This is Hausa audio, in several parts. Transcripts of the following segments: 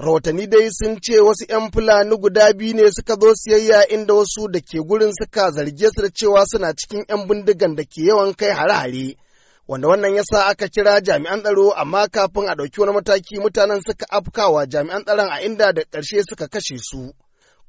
rahotanni dai sun ce wasu 'yan fulani guda biyu ne suka zo siyayya inda wasu da ke gurin suka zarge su da cewa suna cikin 'yan bindigan da ke yawan kai hare-hare wanda wannan yasa aka kira jami'an tsaro amma kafin a ɗauki wani mataki mutanen suka afkawa jami'an tsaron a inda da ƙarshe suka kashe su.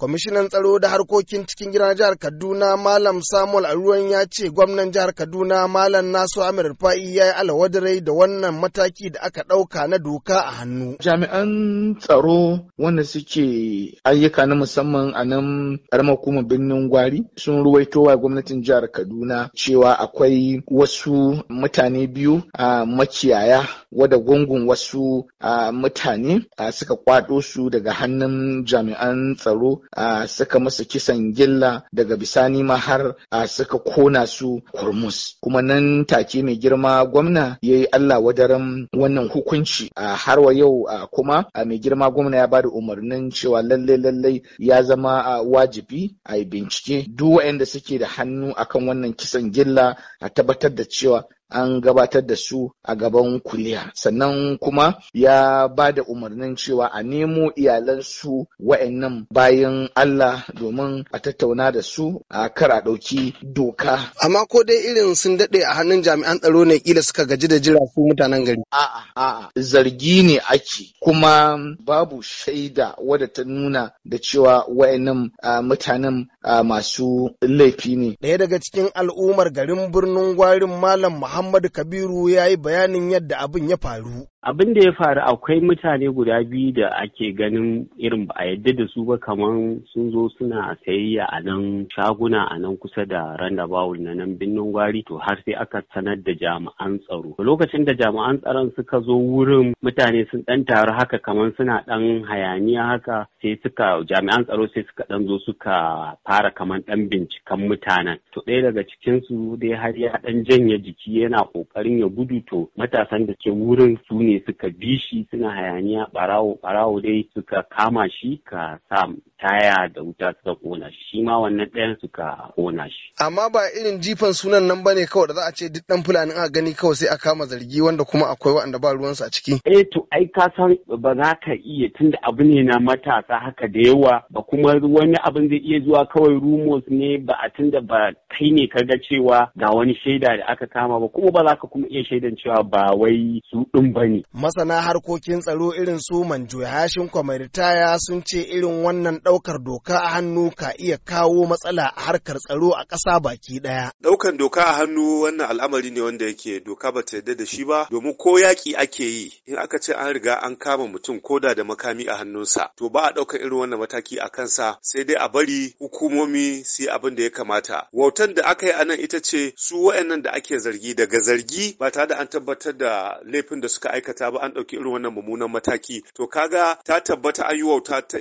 kwamishinan tsaro da harkokin cikin gidan jihar kaduna malam samuel aruwan ya ce gwamnan jihar kaduna malam nasu amir rufa'i ya yi alawadarai da wannan mataki da aka ɗauka na doka a hannu jami'an tsaro wanda suke ayyuka na musamman a nan ƙaramar hukumar birnin gwari sun ruwaito wa gwamnatin jihar kaduna cewa akwai wasu mutane biyu a makiyaya wada gungun wasu mutane suka kwaɗo su daga hannun jami'an tsaro suka masa kisan gilla daga bisani ma har suka kona su kurmus kuma nan take mai girma gwamna ya yi allah wadaran wannan hukunci har wa yau kuma mai girma gwamna ya bada umarnin cewa lallai lallai ya zama wajibi a yi bincike duk waɗanda suke da hannu akan wannan kisan gilla a tabbatar da cewa an gabatar da su a gaban kuliya sannan kuma ya ba da umarnin cewa a nemo iyalansu wa'annan bayan Allah domin a tattauna da su a kar a ɗauki doka. Amma ko dai irin sun daɗe a hannun jami'an tsaro ne kila suka gaji da jira su mutanen gari. A'a a'a zargi ne ake kuma babu shaida wadda ta nuna da cewa wa'annan mutanen masu laifi ne. Ɗaya daga cikin al'ummar garin birnin gwarin Malam Muhammad Muhammadu Kabiru ya yi bayanin yadda abin ya faru. abin da ya faru akwai mutane guda biyu da ake ganin irin ba a yadda da su ba kamar sun zo suna sayayya a nan shaguna a nan kusa da randabawul na nan binnin gwari to har sai aka sanar da jami'an tsaro lokacin da jami'an tsaron suka zo wurin mutane sun dan taru haka kamar suna dan hayaniya haka sai suka jami'an tsaro sai suka dan zo suka fara kamar dan binciken mutanen to ɗaya daga cikin su dai har ya dan janye jiki yana kokarin ya gudu to matasan da ke wurin su ne ne suka bi shi suna hayaniya barawo barawo dai suka kama shi ka sa taya da wuta suka kona shi shi ma wannan ɗayan suka kona shi. Amma ba irin jifan sunan nan bane kawai da za a ce duk ɗan fulani a gani kawai sai a kama zargi wanda kuma akwai waɗanda ba ruwansu a ciki. Eh to ai ka san ba za ka iya tunda abu ne na matasa haka da yawa ba kuma wani abin zai iya zuwa kawai rumors ne ba a tunda ba kai ne ka ga cewa ga wani shaida da aka kama ba kuma ba za ka kuma iya shaidan cewa ba wai su ɗin ba ne. Masana harkokin tsaro irin su Manjo Hashin ritaya sun ce irin wannan ɗaukar doka a hannu ka iya kawo matsala a harkar tsaro a ƙasa baki ɗaya. Ɗaukar doka a hannu wannan al'amari ne wanda yake doka ba ta yarda da shi ba domin ko yaƙi ake yi in aka ce an riga an kama mutum ko da da makami a hannunsa to ba a ɗaukar irin wannan mataki a kansa sai dai a bari hukumomi su yi abin da ya kamata. Wautan Maganan da aka yi a nan ita ce su wa'annan da ake zargi daga zargi ba tare da an tabbatar da laifin da suka aikata ba an ɗauki irin wannan mummunan mataki. To kaga ta tabbata an yi wauta ta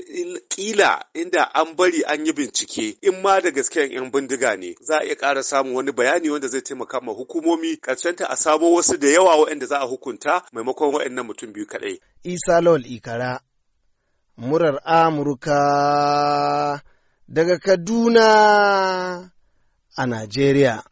ƙila inda an bari an yi bincike in ma da gaskiyan 'yan bindiga ne za a iya ƙara samun wani bayani wanda zai taimaka ma hukumomi ta a samo wasu da yawa wa'anda za a hukunta maimakon waɗannan mutum biyu kaɗai. Isa Lawal Ikara, murar Amurka daga Kaduna a Najeriya.